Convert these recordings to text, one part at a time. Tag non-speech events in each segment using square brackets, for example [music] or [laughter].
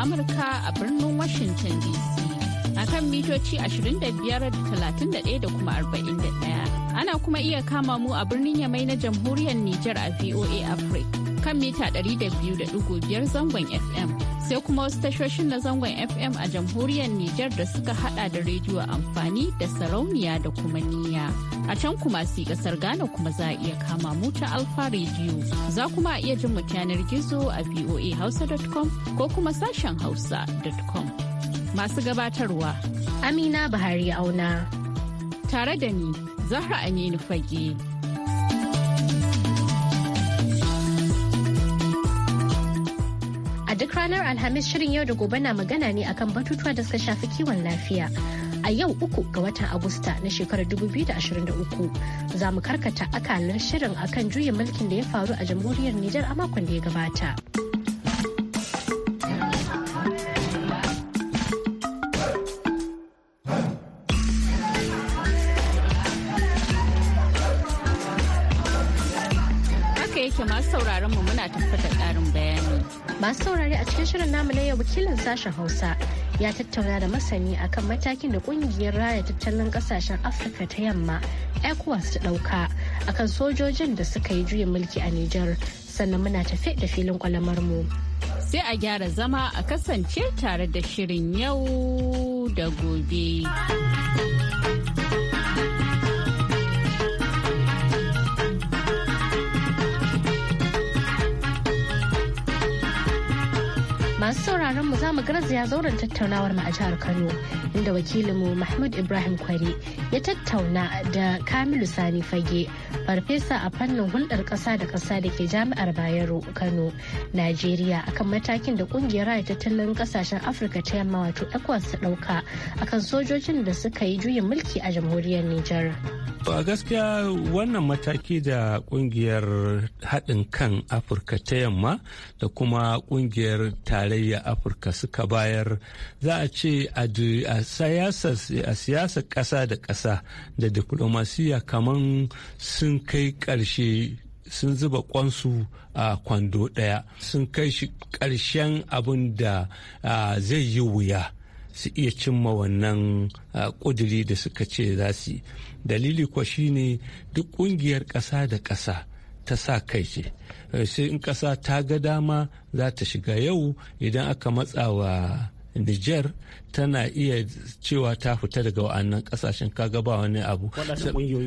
Amurka a birnin Washington DC. A kan mitoci 25,31 da kuma 41. Ana kuma iya kama mu a birnin Yamai na Jamhuriyar Nijar a VOA Africa kan mita 200.5 zangon FM. Sai kuma wasu tashoshin na zangon FM a Jamhuriyar Nijar da suka hada da rediyo amfani da sarauniya da kuma niyya. a can kuma si kasar Ghana kuma za a iya kama mu ta Alfa Radio. Za kuma iya jin mu yanar gizo a voahausa.com ko kuma sashen hausa.com. Masu gabatarwa Amina bahari Auna. Tare da ni, Zahra Aminu Fage. A duk ranar Alhamis shirin yau da gobe na magana ne akan batutuwa da suka shafi kiwon lafiya. a yau uku ga watan Agusta na shekarar 2023 za mu karkata akalin shirin akan juyin mulkin da ya faru a jamhuriyar Nijar a makon da ya gabata. yake masu sauraron mu muna ƙarin bayani. Masu saurare a cikin shirin namu na yau wakilin sashen Hausa ya tattauna da masani akan matakin da kungiyar raya tattalin kasashen afirka ta yamma ecowas ta dauka akan sojojin da suka yi juyin mulki a nijar sannan muna tafe da filin kwalamar mu sai a gyara zama a kasance tare da shirin yau da gobe. masu sauraron mu zamu garzaya zauren tattaunawar mu a jihar Kano inda wakilinmu Mahmud Ibrahim Kwari ya tattauna da Kamilu Sani Fage farfesa a fannin hulɗar ƙasa da ƙasa da ke jami'ar Bayero Kano, Najeriya akan matakin da ƙungiyar raya tattalin ƙasashen Afirka ta yamma wato ECOWAS ta ɗauka akan sojojin da suka yi juyin mulki a jamhuriyar Nijar. To a gaskiya wannan mataki da kungiyar haɗin kan Afirka ta yamma da kuma kungiyar tarayya Afirka suka bayar za a ce a siyasar ƙasa da ƙasa da diplomasiya kamar sun kai ƙarshe sun zuba kwansu a kwando ɗaya sun kai shi ƙarshen abin da zai yi wuya su iya cimma wannan ƙuduri da suka ce za su yi dalili kuwa ne duk ƙungiyar ƙasa da ƙasa ta sa kai ce sai in ƙasa ta ga dama za ta shiga yau idan aka matsawa Niger tana iya cewa ta fita daga wa'annan kasashen kaga ba wani abu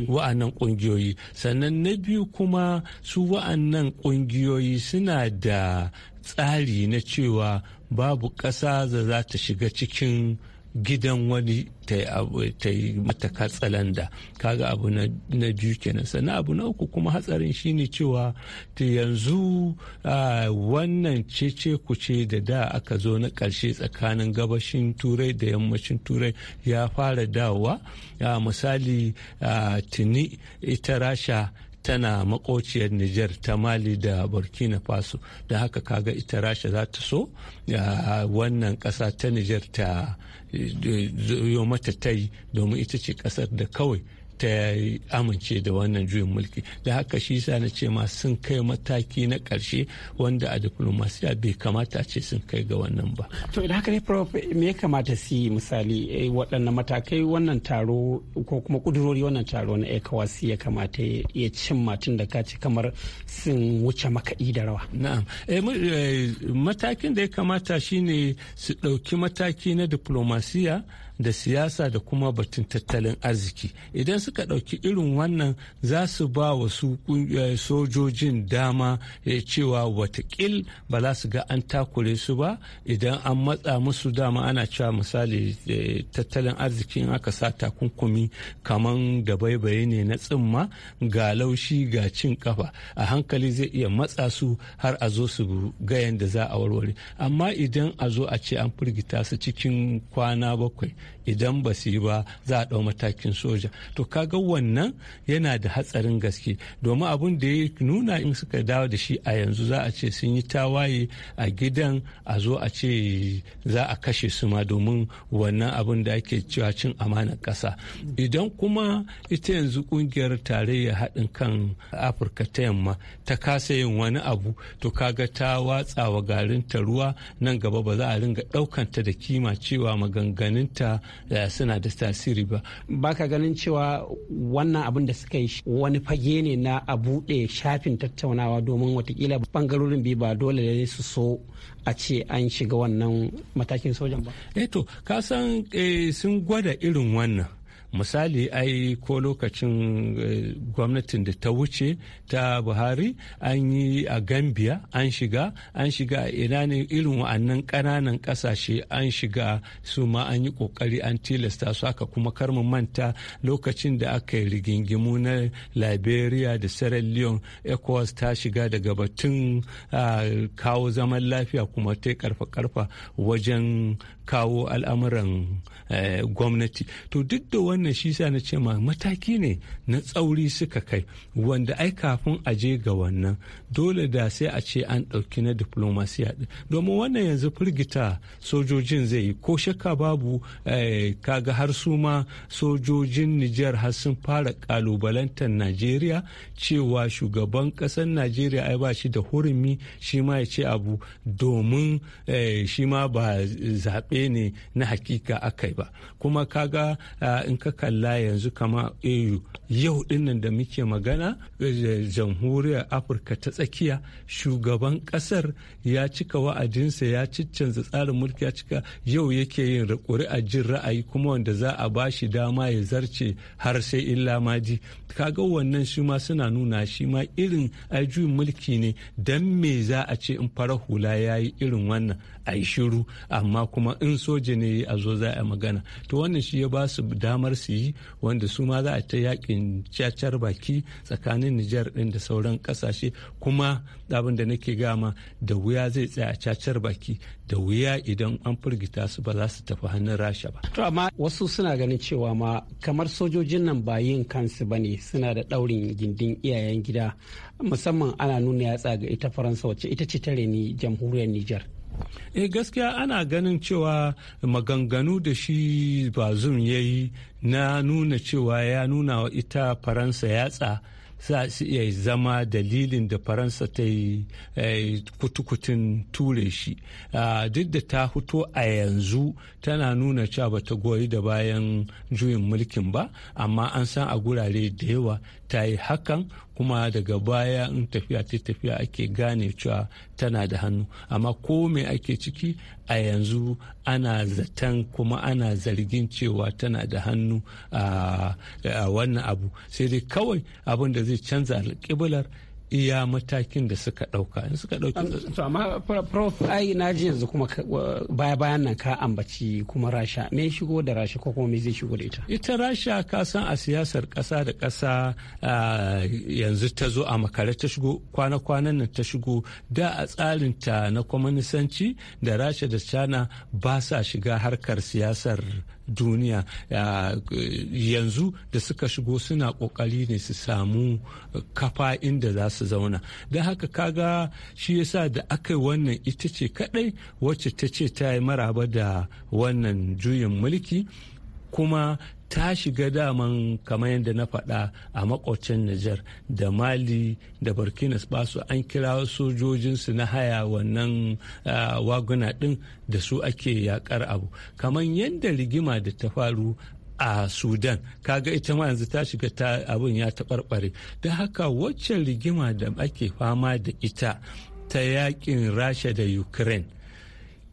wa'annan kungiyoyi sannan na biyu kuma su wa'annan kungiyoyi suna da tsari na cewa babu ƙasa da za ta shiga cikin gidan wani ta yi mata katsalanda kaga abu na biyu kenan sannan abu na uku kuma hatsarin shine cewa ta yanzu wannan cece kuce da da aka zo na ƙarshe tsakanin gabashin turai da yammacin turai ya fara dawowa misali tuni ita rasha tana makociyar nijar ta mali da burkina faso da haka kaga ita rasha za ta so wannan kasa ta nijar ta eh, yi mata ta domin ita ce kasar da kawai ta amince da wannan juyin mulki da haka shi sa na ce ma sun kai mataki na ƙarshe wanda a diplomasiya bai kamata ce sun kai ga wannan ba to idan haka ne prof me ya kamata su yi misali eh, waɗannan matakai wannan taro ko kuma ƙudurori wannan taro na ecowas ya kamata ya cin tun da kace kamar sun wuce makaɗi da rawa na'am eh, eh, matakin da ya kamata shine su ɗauki mataki na diplomasiya da siyasa da kuma batun tattalin arziki idan suka ɗauki irin wannan za su ba wa su sojojin dama eh, cewa watakil ba za su ga an takure su ba idan an matsa musu dama ana cewa misali eh, tattalin arziki in aka sa takunkumi kaman da baibaye ne na tsimma ga laushi ga cin kafa a hankali zai iya matsa su har a zo su ga da za a warware amma idan a zo a ce an firgita su cikin kwana bakwai idan ba su yi ba za a ɗau matakin soja to kaga wannan yana da hatsarin gaske domin abin da ya nuna in suka dawo da shi a yanzu za a ce sun yi tawaye a gidan a zo a ce za a kashe su ma domin wannan abin da ake cewa cin amanar ƙasa idan kuma ita yanzu kungiyar tarayya haɗin kan afirka ta yamma ta kasa yin wani abu to kaga ta watsawa garinta ruwa nan gaba ba za a ringa ɗaukanta da kima cewa maganganunta suna da tasiri ba ba ka ganin cewa wannan abin da suka yi wani fage ne na a buɗe shafin tattaunawa domin watakila bangarorin biyu ba dole ne su so a ce an shiga wannan matakin sojan ba. eto eh ka san eh, sun gwada irin wannan misali ai ko lokacin eh, gwamnatin da ta wuce ta buhari an yi a gambia an shiga an shiga a ina ne irin wa'annan ƙananan ƙasashe an shiga su ma an yi ƙoƙari an tilasta su aka kuma karmu manta lokacin da aka yi rigingimu na liberia da sierra leone ecowas ta shiga daga batun ah, kawo zaman lafiya kuma ta karfa-karfa wajen kawo al'amuran eh, gwamnati to duk da wannan shi sa na ce ma mataki ne na tsauri suka kai wanda ai kafin a je ga wannan dole da sai a ce an ɗauki na diplomasiya ɗin domin wannan yanzu firgita sojojin zai yi ko shakka babu eh, kaga har su ma sojojin nijar har sun fara kalubalantar najeriya cewa shugaban ƙasar najeriya ai ba shi da hurumi shi ma ya ce abu domin eh, shi ma ba zaɓe zaɓe ne na hakika aka yi ba kuma kaga in ka kalla yanzu kama au eh, yau dinnan da muke magana eh, jamhuriyar afirka ta tsakiya shugaban kasar ya cika wa'adinsa ya ciccanza tsarin mulki ya cika yau yake yin a jin ra'ayi kuma wanda za a ba shi dama ya zarce har sai illa maji kaga wannan shi ma suna nuna shi ma irin ajuyin mulki ne dan me za a ce in fara hula ya yi irin wannan a yi shiru amma kuma in soja ne a zo za a magana to wannan shi ya ba su damar su yi wanda su ma za a ta yakin cacar baki tsakanin nijar din da sauran kasashe kuma abin da nake gama da wuya zai tsaya a cacar baki da wuya idan an firgita su ba za su tafi hannun rasha ba to amma wasu suna ganin cewa ma kamar sojojin nan ba yin kansu ba ne suna da daurin gindin iyayen gida musamman ana nuna yatsa ga ita faransa wacce ita ce ta reni jamhuriyar nijar eh gaskiya ana ganin cewa maganganu da shi bazum ya yi na nuna cewa ya nuna wa ita faransa yatsa za su iya zama dalilin da faransa ta yi eh, kutukutun ture shi ah, duk da ta fito a yanzu tana nuna cewa ba ta goyi da bayan juyin mulkin ba amma an san a gurare da yawa ta yi hakan kuma daga baya in tafiya ta tafiya ake gane cewa tana da hannu amma ko me ake ciki a yanzu ana zaton kuma ana zargin cewa tana da hannu a wannan abu sai dai kawai abin da zai canza alƙiblar iya matakin da suka ɗauka in suka ɗauki to amma prof ai na ji yanzu kuma baya bayan nan ka ambaci kuma rasha me shigo da rasha ko kuma me zai shigo da ita ita rasha ka san a siyasar kasa da ƙasa yanzu ta zo a makare ta shigo kwana-kwanan nan ta shigo da a tsarin ta na kwamanisanci da rasha da china ba sa shiga harkar siyasar duniya yanzu da suka shigo suna kokari ne su samu kafa inda za su zauna don haka kaga shi yasa da aka yi wannan ita ce kadai wacce ta ce ta yi maraba da wannan juyin mulki kuma ta shiga daman kamar yadda na faɗa a makwacin Nijar da Mali da Burkina Faso an kira sojojinsu na haya wannan waguna ɗin da su ake yakar abu. Kamar yadda rigima da ta faru a sudan kaga ita ma yanzu ta shiga ta abin ya taɓarɓare da haka wacce rigima da ake fama da ita ta yakin rasha da ukraine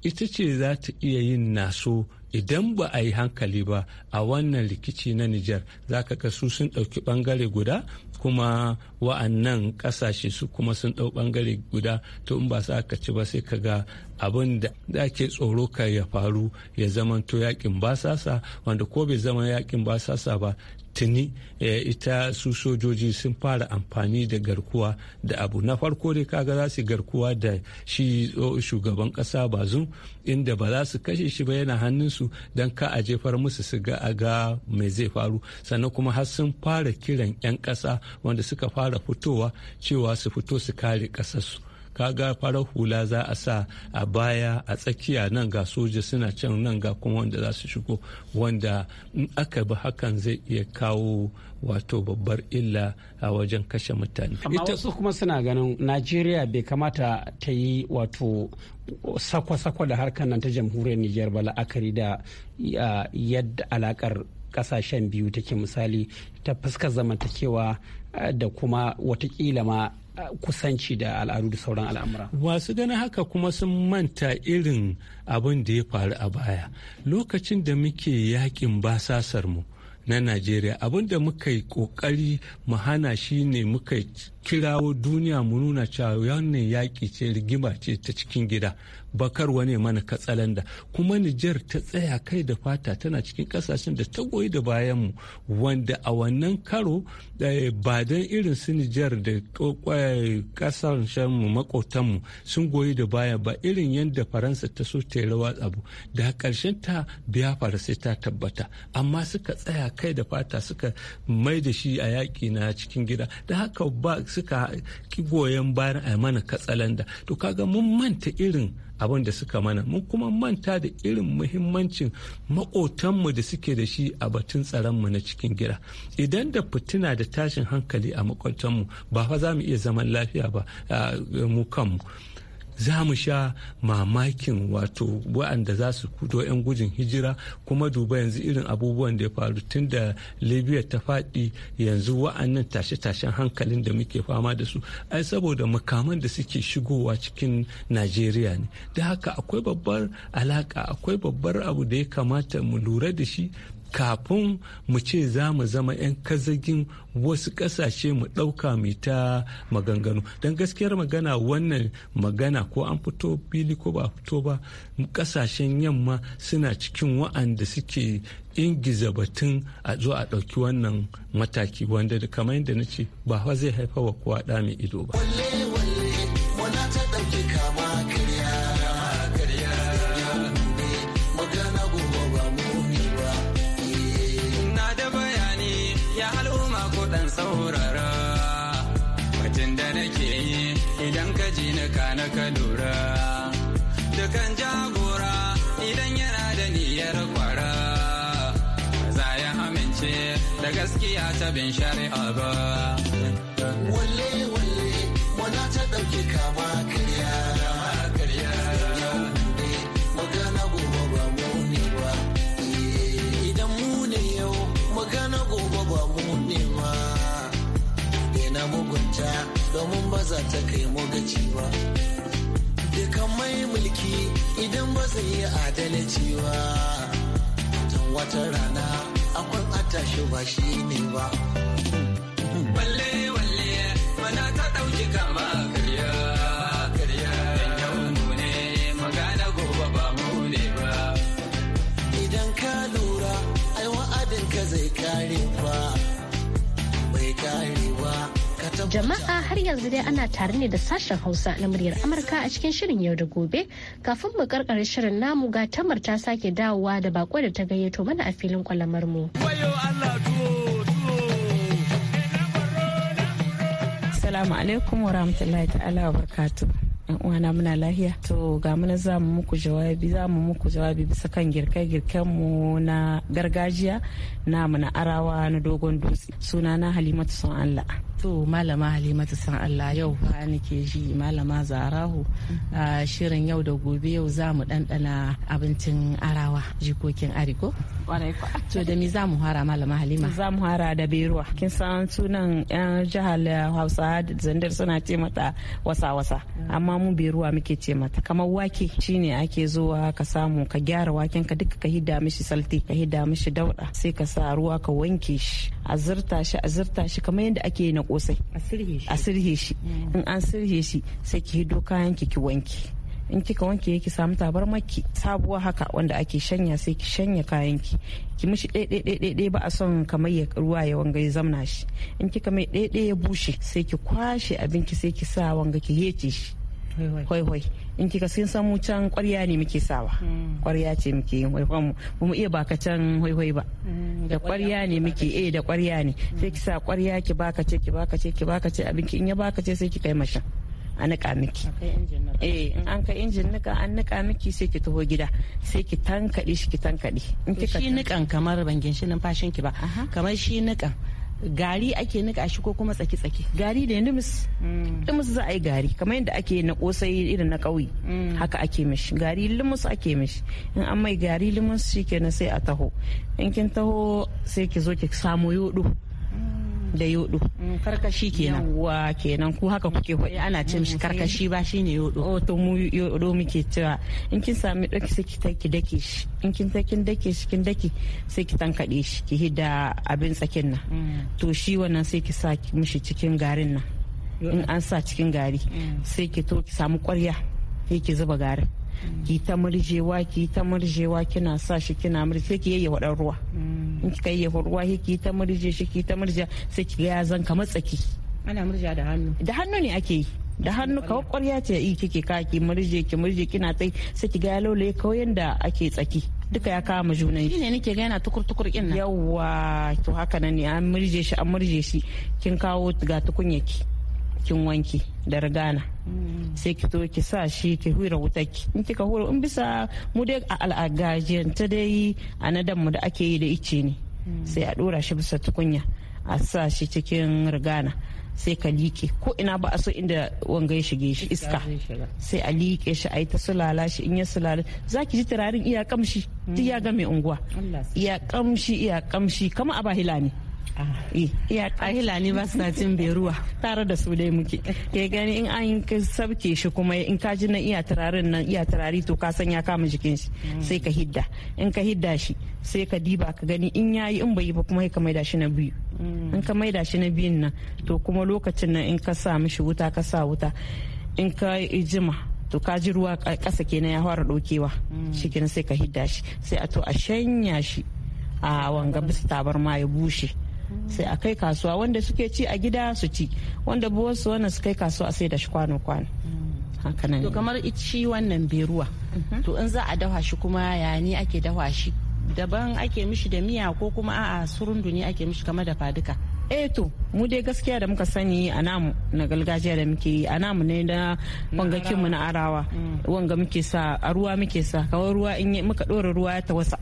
ita ce za ta iya yin naso idan ba a yi hankali ba a wannan rikici na Nijar za ka ga su sun ɗauki ɓangare guda kuma wa'annan ƙasashe su kuma sun ɗau ɓangare guda to in ba sa ka ci ba sai ka ga abin da ake tsoro ka ya faru ya zamanto to yakin basasa wanda ko bai zama yakin basasa ba tuni eh, ita su sojoji sun fara amfani da garkuwa da abu na farko dai kaga za su garkuwa da shi shugaban kasa bazum inda ba za su kashe shi ba yana hannunsu don ka a jefar musu su ga aga mai zai faru sannan kuma har sun fara kiran 'yan kasa wanda suka fara fitowa cewa su fito su kare kasarsu kaga farar hula za a sa a baya a tsakiya nan ga soja suna can nan ga kuma wanda za su shigo wanda in aka bi hakan zai iya kawo wato babbar illa a wajen kashe mutane. Amma wasu kuma suna ganin Najeriya bai kamata ta yi wato sakwa-sakwa da harkar nan ta jamhuriyar Nijar ba la'akari da yadda alakar kasashen biyu take misali ta fuskar zamantakewa eh, da kuma watakila ma kusanci da al'adu da sauran al'amura. wasu ganin haka kuma sun manta irin abin da ya faru a baya. Lokacin da muke yakin basasar mu na Najeriya abin da muka yi kokari mu hana shi ne muka kirawo duniya mu nuna cewa wannan yaƙi ce rigima ce ta cikin gida. bakar wani mana katsalanda kuma Nijar ta tsaya kai da fata tana cikin kasashen da ta goyi da bayanmu wanda a wannan karo eh, ba don irin su Nijar da kasashenmu eh, makotanmu sun goyi da baya ba irin yadda Faransa ta so ta rawa abu da karshen ta biya Faransa ta tabbata amma suka tsaya kai da fata suka mai da shi a yaƙi na cikin gida da haka ba suka ki goyon bayan a mana katsalanda to kaga mun manta irin abin da suka mana mun kuma manta da irin muhimmancin makotanmu da suke da shi a batun tsaronmu na cikin gida idan da fitina da tashin hankali a makotanmu ba fa za mu iya zaman lafiya ba mu kanmu za mu sha mamakin wato waɗanda za su kudo 'yan gujin hijira kuma duba yanzu irin abubuwan da ya faru tun da libya ta faɗi yanzu wa'annan tashe-tashen hankalin da muke fama da su ai saboda makaman da suke shigowa cikin najeriya ne da haka akwai babbar alaka akwai babbar abu da ya kamata mu lura da shi kafin mu ce za mu zama 'yan kazagin wasu ƙasashe mu ɗauka mai ta maganganu don gaskiyar magana wannan magana ko an fito fili ko ba fito ba ƙasashen yamma suna cikin wa'anda suke ingiza batun a zo a ɗauki wannan mataki wanda kamar yadda na ce ba zai haifa wa kowa ɗa mai ido ba. na ka lura dukan jagora idan yana da niyyar kwara za ya amince da gaskiya ta bin shari'a ba wale wale wana ta kama ka domin ba za ta kai mu gaci ba dukan mai mulki idan ba zai yi adalci ba don wata rana akwai atashi ba shi ne ba balle balle mana ta ɗauki kama Jama'a har yanzu dai ana tare ne da sashen Hausa na muryar Amurka a cikin shirin yau da gobe. Kafin mu karkare shirin namu ga tamar ta sake dawowa da bako da ta gayyato mana a filin kwalamar mu. salamu alaikum wa rahmatullahi ta'ala wa barakatuh. yan uwana muna lahiya to ga muna za mu muku jawabi za mu muku jawabi bisa kan girke-girken mu na gargajiya na mu na arawa na dogon dutse suna na halimatu son allah To malama Halimatu san Allah yau ni nake ji malama Zarahu mm. a shirin yau da gobe yau za mu ɗanɗana abincin arawa jikokin ariko. To da mi za mu hara malama Halima? Za mu hara da beruwa. Kin san sunan yan jihar Hausa zandar suna ce mata wasa-wasa mm. amma mu beruwa muke ce mata. Kamar wake shine ake zuwa ka samu ka gyara waken ka duka ka hidda mishi salti ka hidda mishi dauɗa sai ka sa ruwa ka wanke shi a zurta shi a shi kamar yadda ake na kosai a sirhe shi mm. in an sirhe shi sai ki hido kayan ki ki wanki in kika wanke ki samu tabarmaki sabuwa haka wanda ake shanya sai ki shanya kayan ki ki mishi ɗaiɗaiɗaiɗai ba a son kamar ya ruwa ya wanga ya zamna shi in kika mai ɗaiɗai ya bushe sai ki kwashe abinki sai ki sa wanga ki hece shi hoihoi in kika sun san mu can kwarya ne muke sawa kwarya mm. ce muke yin hoihon mu ba mu iya baka can hoihoi ba mm, da kwarya ne muke eh da kwarya ne mm. sai ki sa kwarya ki baka ce ki baka ce ki baka ce ki in ya baka ce sai ki kai mashin a nika miki eh in an kai injin nika an nika miki sai ki taho gida sai ki tankade shi ki tankade in kika shi nikan kamar ban ginshi numfashin ki ba kamar shi nikan gari ake nika shi ko kuma tsaki-tsaki gari da dumus dumus mm. za a yi gari kamar yadda ake na kosai irin na kauye mm. haka ake mishi gari limus ake mishi in an mai gari limus kenan sai a taho in kin taho sai ki zo ki samu yodo mm. da yodo mm, karkashi kenan wa kenan ku haka kuke hudi ana ce mishi mm, karkashi ba shine yodo oh to mu yodo muke cewa in kin sami daki sai ki taki dake shi in kin taki kin dake shi kin dake sai ki tankade shi ki hida abin tsakin nan mm. to shi wannan sai ki sa mishi cikin garin nan in an sa cikin gari sai ki to ki samu kwarya sai ki zuba garin ki ta murjewa ki ta murjewa kina sa shi kina murje sai ki yayye wadan ruwa mm. in kai yayye ruwa ki ta murje shi ki ta murje sai ki ga ya zan kamar tsaki ana murja da hannu da hannu ne ake yi da hannu kawai kwarya ce yi kike ka ki murje ki murje kina tai sai ki ga ya laulaye kawai yanda ake tsaki duka ya kama junan shi ne nake ga yana tukur tukur kin nan yawa to haka nan ne an murje shi an murje shi kin kawo ga tukunyaki kin wanki da rigana sai ki to ki sa shi ki hura wutarki in kika hura in bisa mu dai a ta dai a nadanmu da ake yi da ice ne sai a dora shi bisa tukunya a sa shi cikin rigana sai ka liƙe ko ina ba a so inda wanga ya shige shi iska sai a liƙe shi a yi ta sulala shi in ya sulala za ki ji turarin iya kamshi duk ya ga mai unguwa iya kamshi iya kamshi kama a bahila ne Ah, a hilani ba suna cin beruwa tare da su dai muke ke gani in an sabke shi kuma in ka ji na iya turarin nan iya turari to ka san ya kama jikin shi sai ka hidda in ka hidda shi sai ka diba ka gani in yayi in bai yi ba kuma ka maida shi na biyu mm. in ka maida shi na biyun nan to kuma lokacin nan in ka sa mishi wuta ka sa wuta in ka jima to ka ji ruwa ƙasa kenan ya fara ɗaukewa cikin mm. sai ka hidda shi sai a to a shanya shi a ah, wanga bisa ma ya bushe sai a kai kasuwa wanda suke ci a gida su ci wanda buwarsu wannan su kai kasuwa sai da shi kwano-kwano hakanan to kamar shi wannan beruwa mhm. to in za a dafa shi kuma ya ni ake dafa shi daban ake mishi da miya ko kuma a'a surundu ne ake mishi kamar da faduka eh to mu dai gaskiya da muka sani a namu na gargajiya da muke yi a namu ne na wangakin mu na arawa mm. wanga muke sa a ruwa muke sa kawai ruwa in muka dora ruwa ta wasa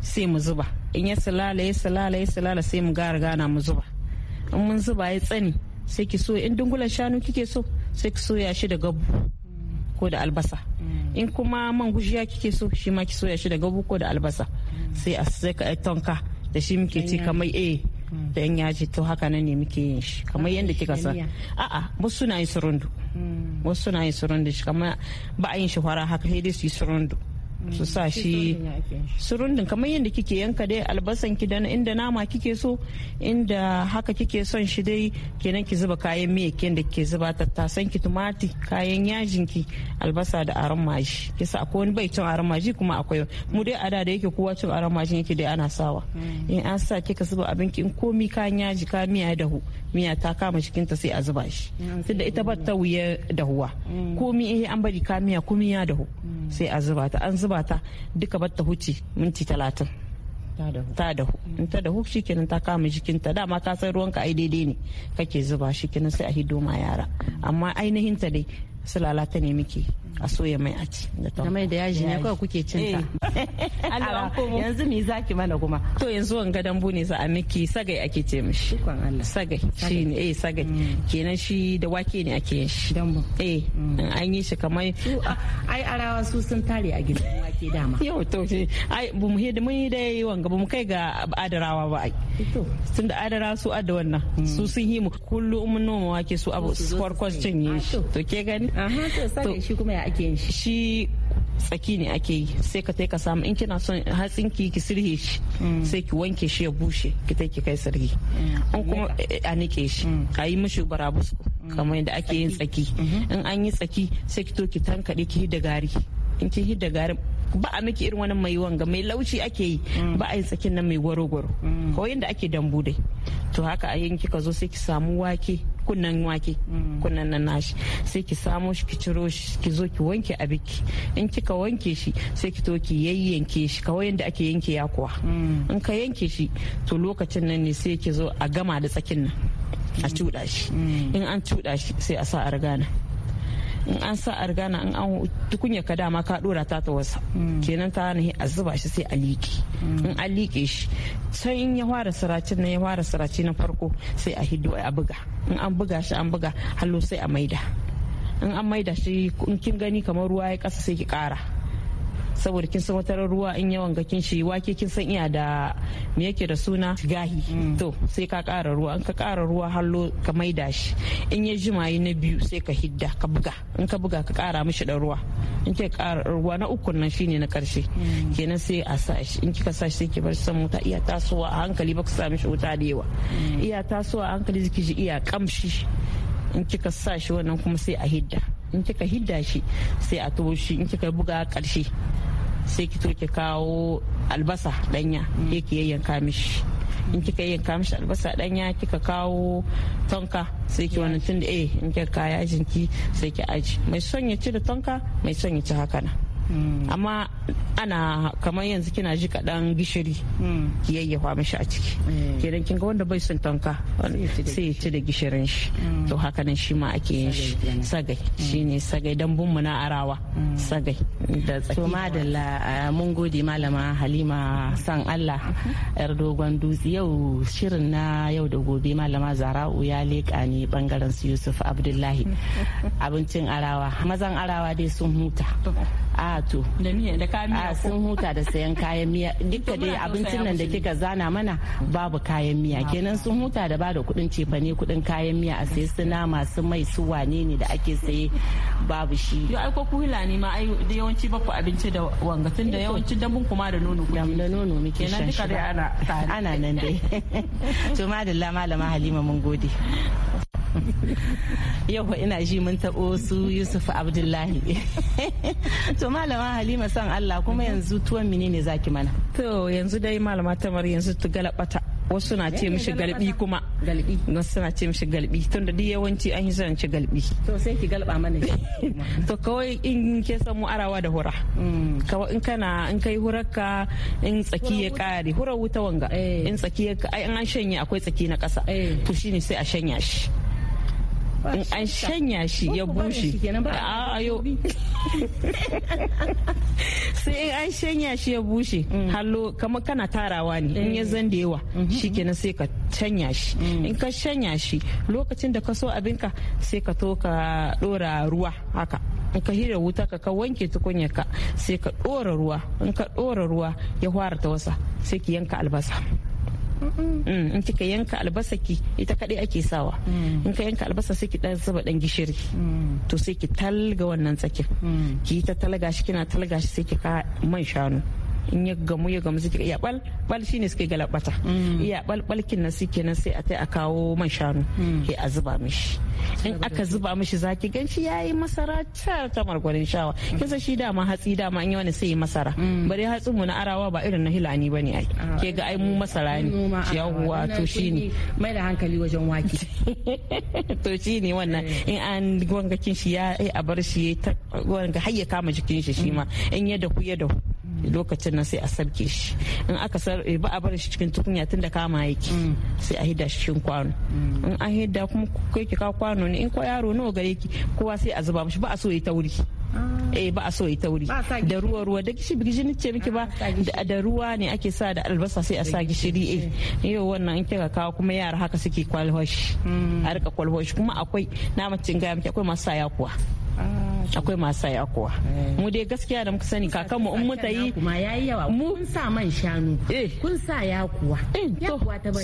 sai mu zuba in ya silala ya silala ya silala sai mu gara gana mu zuba in mun zuba ya tsani sai ki so in dungulan shanu kike so sai ki soya shi da gabu ko da albasa mm. in kuma man gushiya kike so shi ma ki soya shi da gabu ko da albasa mm. sai a sai ka tonka da shi muke ci kamar eh mm. da yan yaji to haka nan ne muke yin shi kamar yadda kika san a'a wasu suna yin surundu wasu suna yin surundu shi kamar ba a yin shi fara haka sai dai su yi surundu Mm, su sa shi surundin kamar yadda kike yanka dai albasan ki dan inda nama kike so inda haka kike son shi dai kenan ki zuba kayan miya ke da kike zuba tattasan ki tumati kayan yajin ki albasa da aran maji kisa akwai wani bai cin aran maji kuma akwai mu dai ada da yake kowa cin aran maji yake dai ana sawa mm. in an sa kika zuba abin ki in komi kayan yaji ka miya dahu miya ta kama cikin ta sai a zuba shi mm, tunda ita ba ta wuya dahuwa komi in an bari ka miya komi ya dahu sai a zuba ta an zuba ta duka bata huce minti talatin ta dahu in ta dahu kenan ta kama jikinta dama ka san ruwanka ai daidai ne kake zuba shi kenan sai a hido ma yara amma ainihin ta dai sulala ta ne muke a soya mai a ci da mai da yaji ne kawai kuke cin ta eh. Allah [laughs] yanzu mi zaki mana kuma to yanzu wan gadan bu ne za a miki sagai ake ce mishi sagai shi ne eh sagai mm. kenan shi da wake ne ake yin shi eh mm. an yi shi kamar ai arawa su sun tare a gidan wake dama [laughs] yau to ai bu mu yi da yi wanga bu mu kai ga adarawa ba ai da adarawa su adda wannan su mm. sun yi mu kullu mun noma wake su abu farkon cin yi to ke gani tsaki to shi kuma ya ake yin shi shi tsaki ne ake yi sai ka ka samu in kina son hatsin ki ki sirhe shi mm. sai ki wanke shi ya bushe ki ta ki kai sirhi mm. in kuma a nike shi mm. a yi mishi barabus kamar yadda ake yin tsaki mm-hmm. in an yi tsaki sai ki to ki tankaɗe ki hidda gari in ki hidda gari ba a miki irin wani mai wanga mai lauci ake yi ba a yin tsakin nan mai gwaro-gwaro kawai yadda ake dambu dai to haka a yin kika zo sai ki samu wake kunnen wake mm. kunnen nan nashi sai ki samo shi ki ciro shi ki zo ki wanke a biki in kika wanke shi sai ki to ki yayyanke shi kawai yanda ake yanke ya kuwa mm. in ka yanke shi to lokacin nan ne sai ki zo a gama da tsakin nan a mm. cuɗa shi in an cuɗa shi sai a sa a rigana in an sa a riga in an tukunya ka dama ka dora ta ta wasa mm. kenan ta nahi a zuba shi sai a liƙe mm. in an liƙe shi sai in ya fara saracin na ya fara saraci na farko sai a hiddo a buga in an buga shi an buga hallo sai a maida in an maida shi in kin gani kamar ruwa ya kasa sai ki ƙara. saboda kin san wata ruwa in yawan ga kin shi wake kin san iya da me yake da suna gahi mm. to sai ka kara ruwa in ka kara ruwa hallo ka maida shi in ya jima yi na biyu sai ka hidda ka buga in ka buga ka kara mishi da ruwa in ka kara ruwa na uku nan shine na karshe mm. kenan sai a sa shi in kika sa shi sai ki bar san wuta iya tasowa a hankali ba ku sa mishi wuta da yawa mm. iya tasowa a hankali ziki ji iya kamshi in kika sa shi wannan kuma sai a hidda in kika hidda shi sai a tuwo shi in kika buga karshe sai ki to ki kawo albasa danya yake mm. yayyanka mishi in kika yanka mishi albasa danya kika kawo tonka sai ki wani tun da eh in kika kaya jinki sai ki aji mai son ya ci da tonka mai son ya ci haka na. Mm. amma ana kamar yanzu kina ji kaɗan gishiri ki mm. yayyafa mishi a ciki mm. kenan kinga wanda bai son tanka sai ya ci da gishirin shi to haka nan shi ma ake yin shi sagai shine sagai dambun mu na arawa sagai da tsaki to madalla uh, mun gode malama halima san Allah [laughs] yar dogon dutse yau shirin na yau da gobe malama zara'u ya leka ne bangaren su Yusuf Abdullahi [laughs] abincin arawa mazan arawa dai sun huta a ah, to da miya da kayan miya sun huta da sayan kayan miya duk da dai abincin nan da kika zana mana babu kayan miya kenan sun huta da bada kudin cefane kudin kayan miya a sai su nama su mai su wane ne da ake saye babu shi yo ai ko kuhila ne ma ai yawanci ba ku abinci da wanga tun da eh yawanci dambun kuma da nono kuke da nono muke shan shi ana nan dai [laughs] to madalla malama halima mun gode [laughs] yau ina ji mun taɓo su yusuf abdullahi [laughs] to malama halima san allah kuma yanzu tuwon mini ne zaki mana to yanzu dai malama tamar yanzu ta galabata wasu na ce mishi galbi kuma galbi wasu na ce mishi galbi tun da yawanci an yi zan ci galbi to sai ki galba mana [laughs] to kawai in ke san mu arawa da hura mm. kawai in kana in kai hurarka in tsaki ya kare hurar wuta wanga eh. in tsaki ya ai an shanye akwai tsaki na kasa eh. to shine sai a shanya shi an shanya shi ya bushe [laughs] sai in an shanya shi ya bushe mm. hallo kamar kana tarawa ne in ya eh. zan da yawa mm-hmm. shikenan sai ka shanya shi mm. in ka shanya shi lokacin da ka so abinka sai ka to ka dora ruwa haka in ka hira wuta ka ka wanke tukunya ka sai ka dora ruwa in ka dora ruwa ya fara ta wasa sai ki yanka albasa Mm, in kika yanka albasa ki ita kadai ake sawa mm. in ka yanka albasa sai ki dan zuba dan gishiri mm. to sai ki talga wannan tsakin ki ta talga shi kina talga shi sai ki ka man shanu in ya gamu ya gamu suke iya bal bal shine suke galabata iya mm. bal balkin nan suke nan sai a ta a kawo man shanu ke mm. a zuba mishi in aka zuba mishi zaki gan shi yayi masara char ta margwarin shawa mm. kisa shi dama hatsi dama in yi wani sai yi masara bare hatsin mu na arawa ba irin na hilani bane ai ah, ke ga ai mu eh, masara ne ah, yawwa to shine mai da hankali wajen wake [laughs] to shine wannan eh. in an gwangakin shi ya eh, a bar shi ta gwanga har ya kama jikin shi shi ma in ya dahu ya dahu lokacin nan sai a sarke shi in aka eh, ba a bar shi cikin tukunya tun da kama yake mm. sai a hidda shi cikin kwano mm. in an hidda kuma kai ki ka kwano ne in ko yaro nawa gare ki kowa sai a zuba mishi ba a so yi tauri ah. eh ba a so yi tauri da ruwa ruwa da gishi gishiri ce miki ba ah, da ruwa ne ake sa da albasa sai a sa gishiri eh yau wannan in kika kawo kuma yara haka suke kwalhoshi mm. a rika kwalhoshi kuma akwai na mace gaya miki akwai masu saya kuwa Ah, akwai masu sai kuwa eh. mu dai gaskiya da muka sani kakan mu in muta yi mu kun sa man shanu eh. kun sa ya kuwa eh,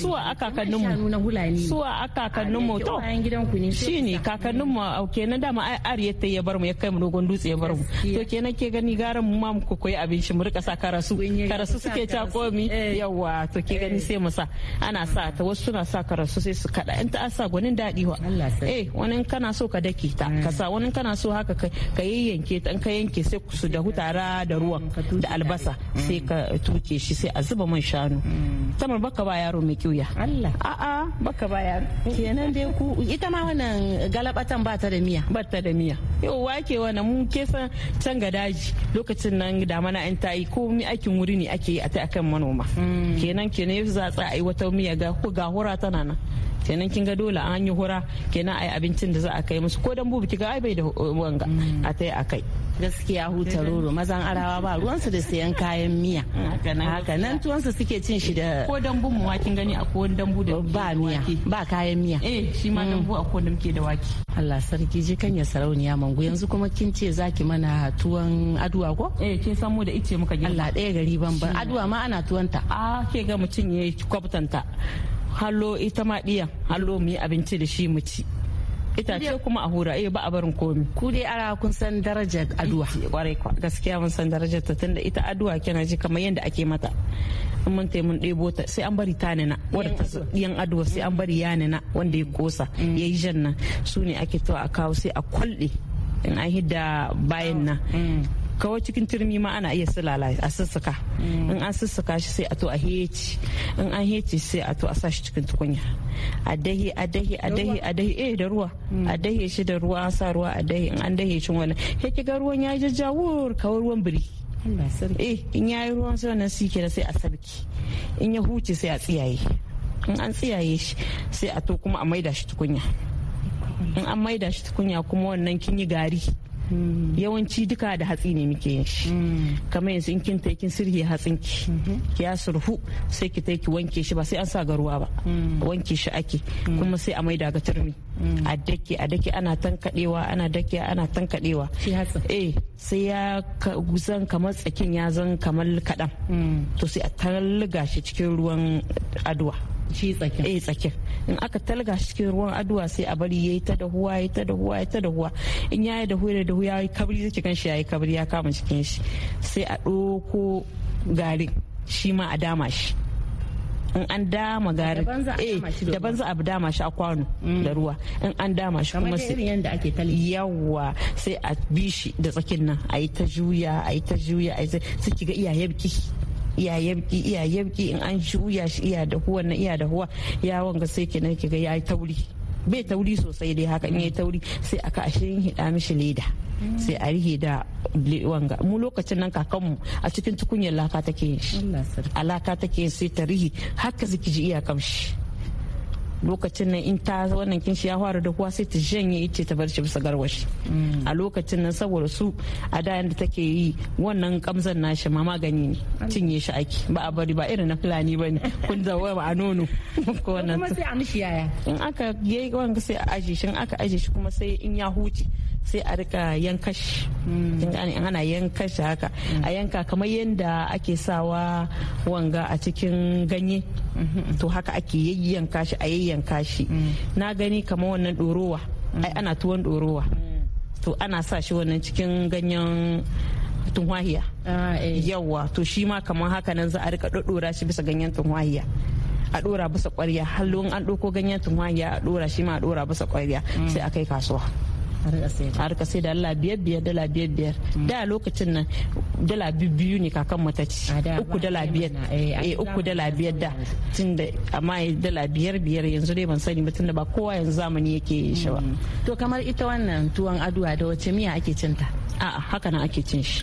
suwa akakannin mu suwa akakannin mu ah, to shine kakannin mu mm. kenan dama arye ta ya bar mu ya kai mu dogon dutse ya bar mu to kenan ke gani garan mu ma mu koyi abin shi mu rika sa karasu karasu suke ta komi yawa to ke gani sai mu sa ana sa ta wasu suna sa karasu sai su kada in ta sa gwanin dadi wa eh wani kana so ka dake ta ka sa wani kana so so haka ka yayyanke ta ka yanke sai su da hutara da ruwan da albasa sai ka tuke shi sai a zuba man shanu tamar baka ba yaro mai kyuya Allah a'a baka ba yaro kenan dai ku ita ma wannan galabatan ba ta da miya ba ta da miya yau wake wannan mun kesa can ga daji lokacin nan da mana an ta yi ko mi aikin wuri ne ake yi a ta akan manoma mm. kenan kenan yau za a tsaya a yi wata miya ga hura tana nan kenan kin ga dole an yi hura kenan ai abincin da za a kai musu ko dan bubu kiga ai bai da uh, wanga mm. a tai a kai gaskiya hutaroro mazan arawa ba ruwansu da sayan kayan miya haka nan tuwansu suke cin shi da ko bubu ma kin gani akwai wani dambu da ba miya ba kayan miya eh shi ma mm. a akwai wanda muke da waki Allah sarki ji kan ya sarauniya mangu yanzu kuma kin ce zaki mana tuwon aduwa ko eh kin san mu da ice muka girma Allah ɗaya gari ban ban aduwa ma ana tuwanta a ah, ke ga mutun yayi kwabtanta hallo ita ma ɗiyan hallo mu yi abinci da shi mu ci itace kuma a hura eh, ba a barin komi ku dai ara kun san darajar aduwa kwarai gaskiya mun san darajar ta tunda ita aduwa kina ji kamar yadda ake mata in mun tai mun ɗebo ta sai an bari tanina wadda ta yan aduwa sai an bari yanina wanda ya kosa mm. yayi jan nan su ne ake to a kawo sai a kwalɗe in an hidda bayan na. Mm. kawai cikin turmi ma ana iya sulala a sussuka mm. in an sussuka shi sai a to a heci in an heci sai a to a sa shi cikin tukunya a dahi a dahi a dahi a dahi eh da ruwa mm. a dahi shi da ruwa an sa ruwa a dahi in an dahi shi wannan he ga ruwan ya jajjawur kawai ruwan biri eh in yayi ruwan sai wannan sike sai a sarki in ya huce sai a tsiyaye in an tsiyaye shi sai a to kuma a maida shi tukunya in an maida shi tukunya kuma wannan kin yi gari Mm. yawanci duka da hatsi ne muke yin shi mm. kamar yanzu in kin taikin sirhi hatsin ki ki mm-hmm. ya surhu sai ki taiki wanke shi ba sai an sa garuwa ba mm. wanke shi ake kuma sai a maida ga turmi a dake a dake ana tankadewa ana dake ana tankadewa eh sai ya zan kamar tsakin ya zan kamar kadan to sai a talliga shi cikin ruwan aduwa shi tsakin eh tsakin in aka talga shi cikin ruwan aduwa sai a bari yayi ta dahuwa yayi ta dahuwa yayi ta dahuwa in yayi dahu da dahu yayi kabri zai kan shi yayi kabri ya kama cikin shi sai a doko garin shi ma a dama shi in an dama garin eh daban za a dama shi a kwano da mm. ruwa in an dama shi kuma sai yanda ake tali yawa sai a bi shi da tsakin nan a yi ta juya a yi ta juya a yi ta sai ga iyaye biki iya yabki iya yabki in an shuya shi iya da huwa na iya da huwa ya wanga sai kenan kiga ya tauri bai tauri sosai dai haka in yayi tauri sai aka ashirin hida mishi leda sai a rihe da wanga mu lokacin nan kakanmu a cikin tukunyar laka take yin shi alaka take yin sai ta rihe haka ziki ji iya kamshi lokacin nan in ta wannan shi ya fara dahuwa sai ta janye ita ta bar shi bisa garwashi a lokacin nan saboda su a da yanda take yi wannan kamzan nashi ma magani ne cinye shi ake ba a bari ba irin na fulani ba ne kun da wa a nono [laughs] ko wannan kuma sai a mishi yaya in aka yi wanga sai a ajiye shi in aka ajiye shi kuma sai in ya huce sai a rika yankash mm. ana yankash haka a mm. yanka kamar yadda ake sawa wanga a cikin ganye mm-hmm. to haka ake yayyanka shi a yayyanka shi mm. na gani kamar wannan ɗorowa ai ana tuwon ɗorowa to ana sa shi wannan cikin ganyen tunwahiya ah, eh. yawa to shi ma kamar haka nan za a rika ɗoɗora shi bisa ganyen tunwahiya a ɗora bisa ƙwarya hallo an ɗauko ganyen tunwahiya a ɗora shi ma a ɗora bisa ƙwarya sai a kai kasuwa a rika sai da Allah biyar biyar da dala biyar biyar mm. da lokacin nan dala biyu ne kakan mu ci uku dala biyar eh, eh uku dala biyar da tunda amma dala biyar biyar yanzu dai ban sani ba tunda ba kowa yanzu zamani yake shi ba mm. to kamar ita wannan tuwon aduwa da wace miya ake cinta a haka nan ake cin shi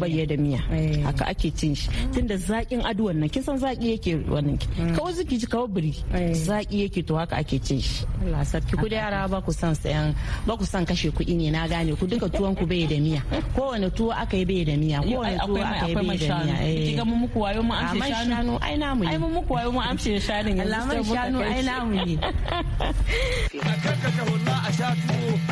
bayyana da miya eh. haka ake cin shi tunda zakin aduwan nan kin san zaki yake wannan ki? Mm. kawai ziki ji kawai biri eh. zaki yake to haka ake cin shi Allah sarki ku da yara ba ku san sayan ba ku san kashe kuɗi ne na gane ku duka tuwon ku bai da miya kowane tuwo aka yi bai da miya yau akwai mai eh. man shanu shanu ai namu ne shanu a [laughs] [laughs] [laughs]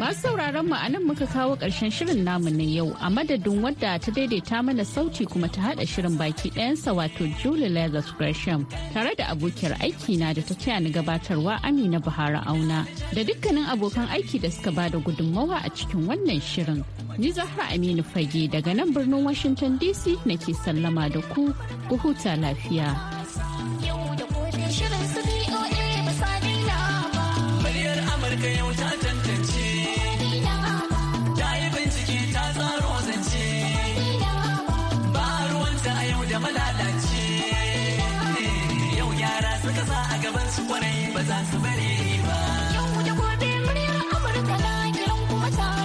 Masu sauraron mu anan muka kawo ƙarshen shirin namu na yau a madadin wadda ta daidaita mana sauti kuma ta hada shirin baki ɗayansa wato Julie Leathers Gresham tare da abokiyar aiki na da ta taya ni gabatarwa Amina Buhari Auna da dukkanin abokan aiki da suka bada gudunmawa a cikin wannan shirin. Ni Zahra Aminu Fage daga nan birnin Washington DC nake sallama da ku, ku huta lafiya.